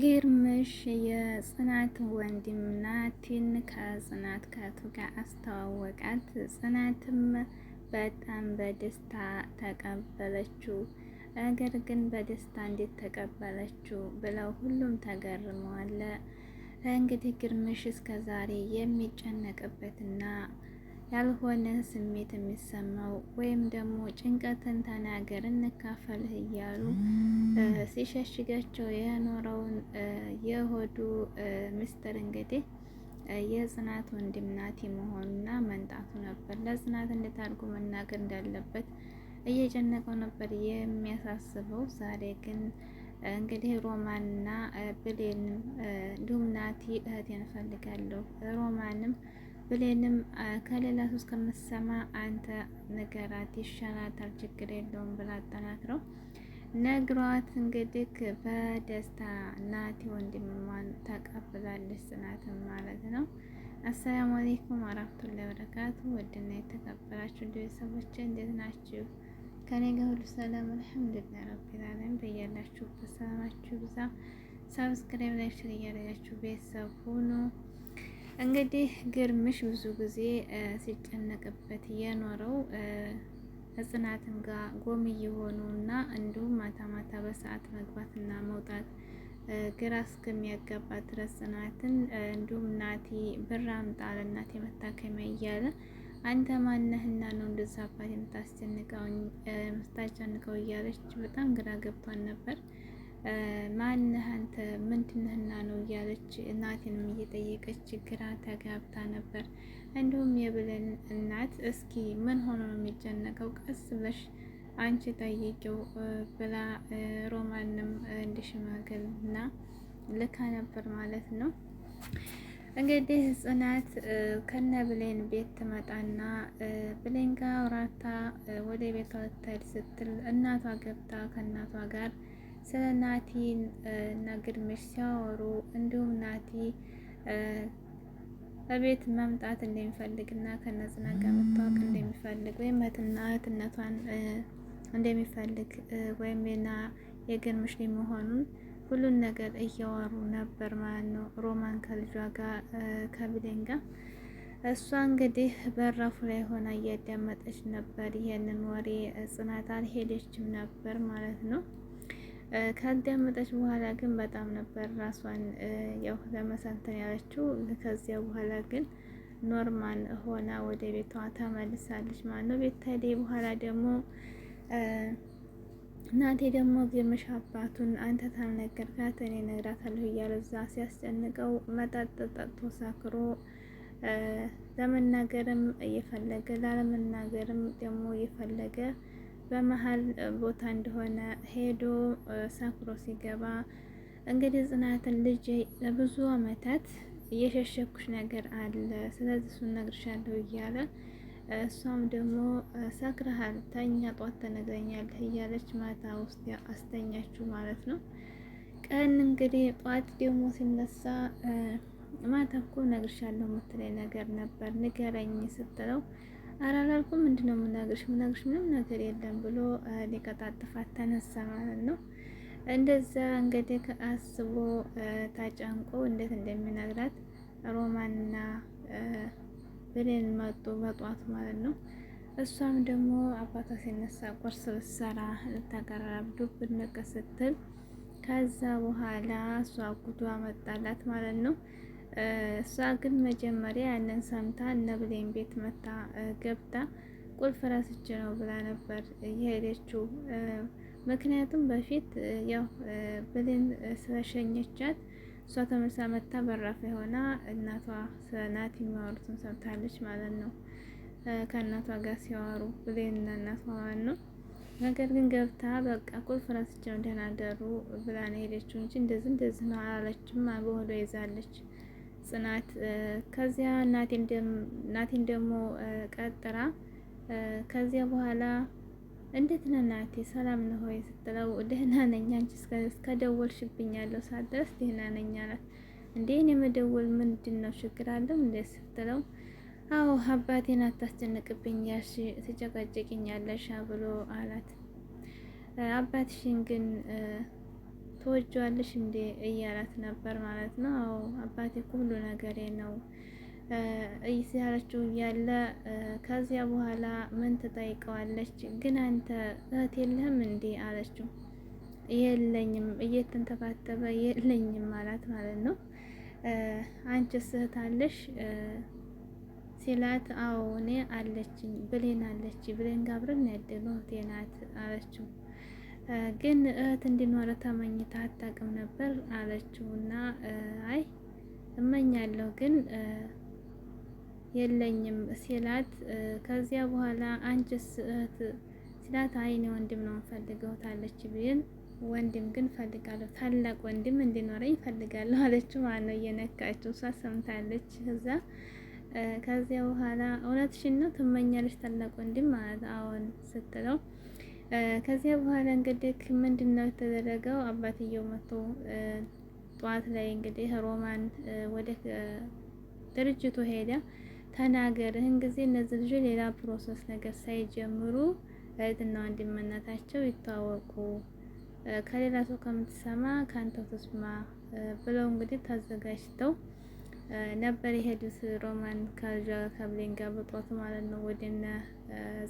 ግርምሽ የጽናት ወንድም ናቲን ከጽናት ከቱ ጋር አስተዋወቃት። ጽናትም በጣም በደስታ ተቀበለችው። ነገር ግን በደስታ እንዴት ተቀበለችው ብለው ሁሉም ተገርመዋል። እንግዲህ ግርምሽ እስከ ዛሬ የሚጨነቅበትና ያልሆነ ስሜት የሚሰማው ወይም ደግሞ ጭንቀትን ተናገር እንካፈልህ እያሉ ሲሸሽጋቸው የኖረውን የሆዱ ምስጢር እንግዲህ የጽናት ወንድም ናቲ መሆኑና መንጣቱ ነበር። ለጽናት እንድታርጉ መናገር እንዳለበት እየጨነቀው ነበር የሚያሳስበው። ዛሬ ግን እንግዲህ ሮማንና ብሌንም እንዲሁም ናቲ እህቴን እፈልጋለሁ ሮማንም ብሌንም ከሌላ ሶስት ከምትሰማ አንተ ንገራት ይሻላታል፣ ችግር የለውም ብላ አጠናክረው ነግሯት፣ እንግዲህ በደስታ ናቲ ወንድሟን ተቀብላለች። ጽናትን ማለት ነው። አሰላሙ አሌይኩም ወራህመቱላሂ ወበረካቱ። ውድና የተከበራችሁ ቤተሰቦች እንዴት ናችሁ? ከኔ ጋር ሁሉ ሰላም አልሐምዱሊላህ ረቢል ዓለሚን። በያላችሁበት ሰላማችሁ ብዛ። ሰብስክራይብ፣ ላይክ፣ ሼር እያደረጋችሁ ቤተሰብ ሁኑ። እንግዲህ ግርምሽ ብዙ ጊዜ ሲጨነቅበት የኖረው ህጽናትን ጋር ጎም እየሆኑ እና እንዲሁም ማታ ማታ በሰዓት መግባትና መውጣት ግራ እስከሚያጋባ ድረስ ጽናትን እንዲሁም ናቲ ብር አምጣ ለእናቴ መታከሚያ እያለ አንተ ማነህና ነው እንደዛ አባት የምታስጨንቀው የምታጨንቀው እያለች በጣም ግራ ገብቷን ነበር። ማንህ አንተ ምንድንህና ነው እያለች እናቴንም እየጠየቀች ግራ ተጋብታ ነበር። እንዲሁም የብሌን እናት እስኪ ምን ሆኖ ነው የሚጨነቀው ቀስ ብለሽ አንቺ ጠይቂው ብላ ሮማንም እና ልካ ነበር ማለት ነው። እንግዲህ ጽናት ከነ ብሌን ቤት ትመጣና ብሌን ጋር አውራታ ወደ ቤቷ ልትሄድ ስትል እናቷ ገብታ ከእናቷ ጋር ስለ ናቲ እና ግርምሽ ሲያወሩ እንዲሁም ናቲ በቤት መምጣት እንደሚፈልግ እና ከነጽናት ጋር መታወቅ እንደሚፈልግ ወይም እህትነቷን እንደሚፈልግ ወይም ና የግርምሽ መሆኑን ሁሉን ነገር እያወሩ ነበር ማለት ነው። ሮማን ከልጇ ጋር ከብሌን ጋር እሷ እንግዲህ በራፉ ላይ ሆና እያዳመጠች ነበር ይሄንን ወሬ ጽናት አልሄደችም ነበር ማለት ነው። ካዳመጠች በኋላ ግን በጣም ነበር ራሷን ያው ለመሰንተን ያለችው። ከዚያ በኋላ ግን ኖርማል ሆና ወደ ቤቷ ተመልሳለች ማለት ነው። ቤት ታዴ በኋላ ደግሞ እናቴ ደግሞ ግምሽ አባቱን አንተ ታልነገርካት እኔ እነግራታለሁ እያለ እዛ ሲያስጨንቀው መጠጥ ጠጥቶ ሳክሮ ለመናገርም እየፈለገ ላለመናገርም ደግሞ እየፈለገ በመሀል ቦታ እንደሆነ ሄዶ ሰክሮ ሲገባ እንግዲህ ጽናትን ልጅ ለብዙ አመታት እየሸሸኩሽ ነገር አለ፣ ስለዚህ እሱን ነግርሻለሁ እያለ እሷም ደግሞ ሰክረሃል፣ ተኛ፣ ጧት ተነግረኛለህ እያለች ማታ ውስጥ አስተኛችሁ ማለት ነው። ቀን እንግዲህ ጧት ደግሞ ሲነሳ ማታ እኮ ነግርሻለሁ የምትለኝ ነገር ነበር ንገረኝ ስትለው ኧረ አላልኩም ምንድን ነው የምናገርሽ የምናገርሽ ምንም ነገር የለም ብሎ ሊቀጣጥፋት ተነሳ ማለት ነው። እንደዛ እንግዲህ ከአስቦ ታጫንቆ እንዴት እንደሚነግራት ሮማንና ብሌን መጡ በጧቱ ማለት ነው። እሷም ደግሞ አባቷ ሲነሳ ቁርስ ብትሰራ ልታቀራረብ ዱብ ንቅ ስትል ከዛ በኋላ እሷ አጉቷ መጣላት ማለት ነው። እሷ ግን መጀመሪያ ያንን ሰምታ እነ ብሌን ቤት መታ ገብታ ቁልፍ ረስቼ ነው ብላ ነበር የሄደችው። ምክንያቱም በፊት ያው ብሌን ስለሸኘቻት እሷ ተመልሳ መታ በራፍ የሆና እናቷ ናት የሚያወሩትን ሰምታለች ማለት ነው። ከእናቷ ጋር ሲያወሩ ብሌን እና እናቷ ማለት ነው። ነገር ግን ገብታ በቃ ቁልፍ ረስቼ ነው ደህና ደሩ ብላ ነው ሄደችው እንጂ እንደዚህ እንደዚህ ነው አላለችም። በሆዷ ይዛለች። ጽናት ከዚያ እናቴን ደግሞ ቀጥራ ከዚያ በኋላ እንዴት ነህ እናቴ ሰላም ነው ሆይ ስትለው ደህና ነኝ፣ አንቺ እስከ ደወልሽብኝ ያለው ሰዓት ድረስ ደህና ነኝ አላት። እንዴ እኔ መደወል ምንድን ነው ችግር አለው እንዴ ስትለው አዎ አባቴን አታስጨንቅብኝ ያልሽ ትጨቃጨቅኛለሽ ብሎ አላት። አባትሽን ግን ትወጂዋለሽ እንዴ እያላት ነበር ማለት ነው። አዎ አባቴ እኮ ሁሉ ነገሬ ነው እያለችው እያለ ከዚያ በኋላ ምን ትጠይቀዋለች? ግን አንተ እህት የለህም እንዴ አለችው። የለኝም እየተንተባተበ የለኝም ማለት ማለት ነው። አንቺስ እህት አለሽ ሲላት፣ አዎ እኔ አለችኝ ብሌን አለች ብሌን ጋብረን አብረን ያደግነው እህቴ ናት አለችው። ግን እህት እንዲኖረ ተመኝታ አታውቅም ነበር አለችው እና አይ እመኛለሁ ግን የለኝም ሲላት፣ ከዚያ በኋላ አንቺስ እህት ሲላት፣ አይ እኔ ወንድም ነው እንፈልገው ታለች ብዬን ወንድም ግን ፈልጋለሁ ታላቅ ወንድም እንዲኖረኝ ፈልጋለሁ አለችው ማለት ነው። እየነካችው እሷ ሰምታለች። ከዛ ከዚያ በኋላ እውነትሽን ነው ትመኛለች ታላቅ ወንድም ማለት አዎን ስትለው ከዚያ በኋላ እንግዲህ ምንድን ነው የተደረገው? አባትየው መጥቶ ጠዋት ላይ እንግዲህ ሮማን ወደ ድርጅቱ ሄደ። ተናገር ይህን ጊዜ እነዚህ ልጅ ሌላ ፕሮሰስ ነገር ሳይጀምሩ እህትና ወንድምነታቸው ይታወቁ፣ ከሌላ ሰው ከምትሰማ ከአንተው ተስማ ብለው እንግዲህ ታዘጋጅተው ነበር የሄዱት ሮማን ከብሌን ጋር በጧት ማለት ነው ወደነ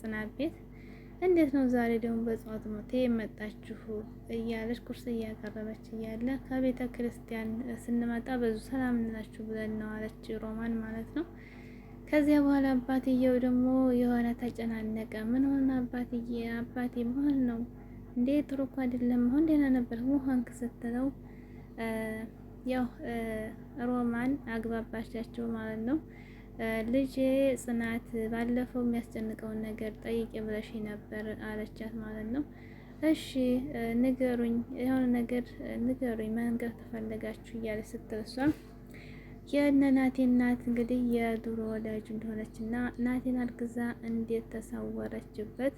ጽናት ቤት እንዴት ነው ዛሬ ደግሞ በጽዋት ሞቴ የመጣችሁ እያለች ቁርስ እያቀረበች እያለ ከቤተ ክርስቲያን ስንመጣ በዙ ሰላም እንላችሁ ብለን ነው አለች ሮማን ማለት ነው። ከዚያ በኋላ አባትየው ደግሞ የሆነ ተጨናነቀ። ምን ሆነ አባትዬ? አባቴ መሆን ነው እንዴ? ጥሩ እኮ አይደለም መሆን ደህና ነበር መሆን ክስትለው ያው ሮማን አግባባቻቸው ማለት ነው። ልጄ ጽናት ባለፈው የሚያስጨንቀውን ነገር ጠይቄ ብለሽ ነበር አለቻት ማለት ነው። እሺ ንገሩኝ፣ የሆነ ነገር ንገሩኝ፣ መንገር ተፈለጋችሁ እያለ ስትል እሷም የእነ ናቴ እናት እንግዲህ የድሮ ወዳጅ እንደሆነች እና ናቴን አርግዛ እንዴት ተሳወረችበት።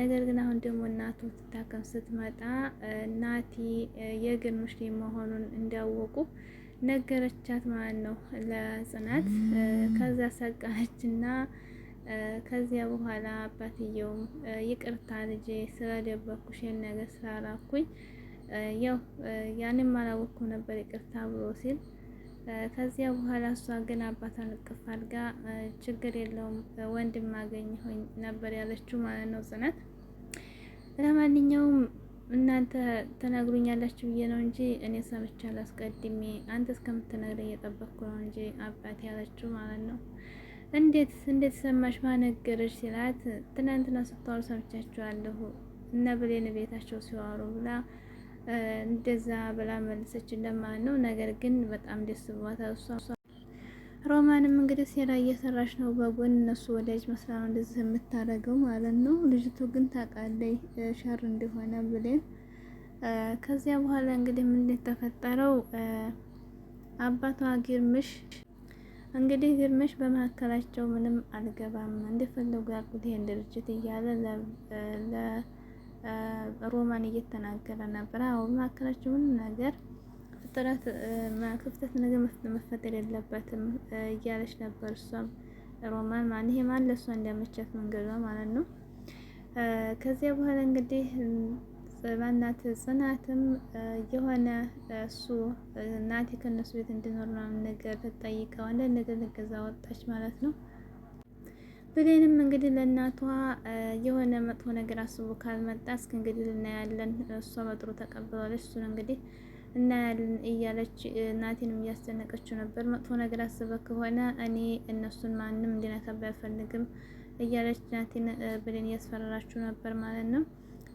ነገር ግን አሁን ደግሞ እናቱ ትታከም ስትመጣ ናቲ የግን ሙስሊም መሆኑን እንዲያወቁ ነገረቻት ማለት ነው ለጽናት። ከዛ ሰቀነችና ከዚያ በኋላ አባትየውም ይቅርታ ልጄ ስለደበኩሽ ነገር ስላላኩኝ ያው ያንም አላወኩም ነበር ይቅርታ ብሎ ሲል ከዚያ በኋላ እሷ ግን አባቷን እቅፍ አድጋ ችግር የለውም ወንድም አገኘሁኝ ነበር ያለችው ማለት ነው ጽናት። ለማንኛውም እናንተ ትነግሩኛላችሁ ብዬ ነው እንጂ እኔ ሰምቻለሁ አላስቀድሜ አንተ እስከምትነግረ እየጠበቅኩ ነው እንጂ አባት ያለችው ማለት ነው። እንዴት እንዴት ሰማሽ? ማነገረች ሲላት ትናንትና ስታወሩ ሰምቻችኋለሁ እነ ብሌን ቤታቸው ሲዋሩ ብላ እንደዛ ብላ መልሰች ለማለት ነው። ነገር ግን በጣም ደስ ብሏታል እሷ። ሮማንም እንግዲህ ሴራ እየሰራች ነው በጎን እነሱ ወዳጅ መስላ ነው እንደዚህ የምታደርገው ማለት ነው። ልጅቱ ግን ታውቃለች ሸር እንደሆነ ብሌን ከዚያ በኋላ እንግዲህ ምን እንደተፈጠረው አባቷ ግርምሽ እንግዲህ ግርምሽ በመካከላቸው ምንም አልገባም እንደፈለጉ ያቁት ይሄን ድርጅት እያለ ለሮማን እየተናገረ ነበር። አዎ በመካከላቸው ምንም ነገር ፍጥረት ክፍተት ነገር መፈጠር የለበትም እያለች ነበር እሷም ሮማን ማን ይሄ ማለት ለእሷ እንደመቻት መንገዷ ማለት ነው። ከዚያ በኋላ እንግዲህ ማናት ጽናትም የሆነ እሱ ናቲ ከነሱ ቤት እንዲኖር ምናምን ነገር ተጠይቀው አንዳንድ ነገር ልገዛ ወጣች ማለት ነው። ብሌንም እንግዲህ ለእናቷ የሆነ መጥፎ ነገር አስቦ ካልመጣ እስከ እንግዲህ ልናያለን፣ እሷ በጥሩ ተቀብላለች፣ እሱን እንግዲህ እናያለን እያለች እናቴንም እያስጨነቀችው ነበር። መጥፎ ነገር አስበ ከሆነ እኔ እነሱን ማንም እንዲነካብ አልፈልግም እያለች እናቴን ብሌን እያስፈራራችው ነበር ማለት ነው።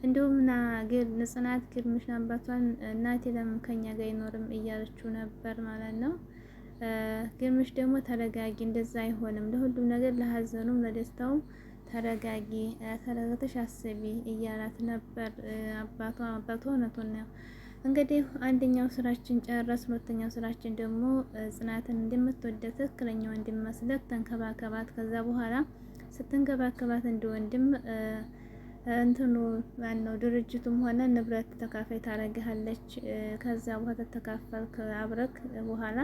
ና ናግል ንጽናት ግርምሽን አባቷን እናቴ ለምን ከኛ ጋር አይኖርም እያለችው ነበር ማለት ነው። ግርምሽ ደግሞ ተረጋጊ፣ እንደዛ አይሆንም። ለሁሉም ነገር ለሀዘኑም ለደስታውም ተረጋጊ፣ ተረጋግተሽ አስቢ እያላት ነበር አባቷ። አባቷ እውነቱን ነው። እንግዲህ አንደኛው ስራችን ጨረስ፣ ሁለተኛው ስራችን ደግሞ ጽናትን እንደምትወደው ትክክለኛው እንዲመስለት ተንከባከባት። ከዛ በኋላ ስትንከባከባት እንደወንድም እንትኑ ማን ነው ድርጅቱም ሆነ ንብረት ተካፋይ ታረግሃለች። ከዛ በኋላ ተካፈልክ አብረክ በኋላ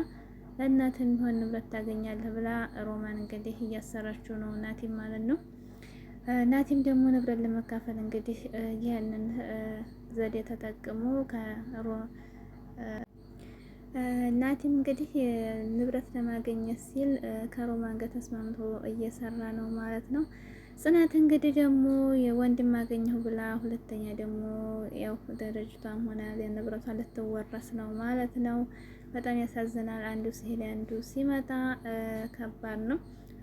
ለእናት የሚሆን ንብረት ታገኛለህ ብላ ሮማን እንግዲህ እያሰራችው ነው ናቲም ማለት ነው። ናቲም ደግሞ ንብረት ለመካፈል እንግዲህ ይህንን ዘዴ ተጠቅሞ ናቲም እንግዲህ ንብረት ለማግኘት ሲል ከሮማን ጋር ተስማምቶ እየሰራ ነው ማለት ነው። ጽናት እንግዲህ ደግሞ የወንድም አገኘሁ ብላ ሁለተኛ ደግሞ ያው ደረጃቷም ሆነ ንብረቷ ልትወረስ ነው ማለት ነው። በጣም ያሳዝናል። አንዱ ሲሄድ አንዱ ሲመጣ ከባድ ነው።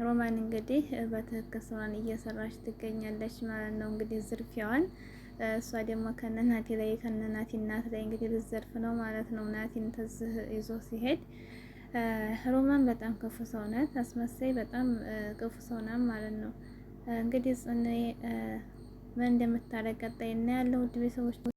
ሮማን እንግዲህ በትክክል ስራዋን እየሰራች ትገኛለች ማለት ነው። እንግዲህ ዝርፊያዋን እሷ ደግሞ ከነናቲ ላይ ከነናቲ እናት ላይ እንግዲህ ልዘርፍ ነው ማለት ነው። ናቲን ተዝህ ይዞ ሲሄድ ሮማን በጣም ክፉ ሰው ናት። አስመሳይ በጣም ክፉ ሰው ናት ማለት ነው። እንግዲህ ጽኔ ምን እንደምታደርግ ቀጣይ እናያለን። ውድ ቤተሰቦች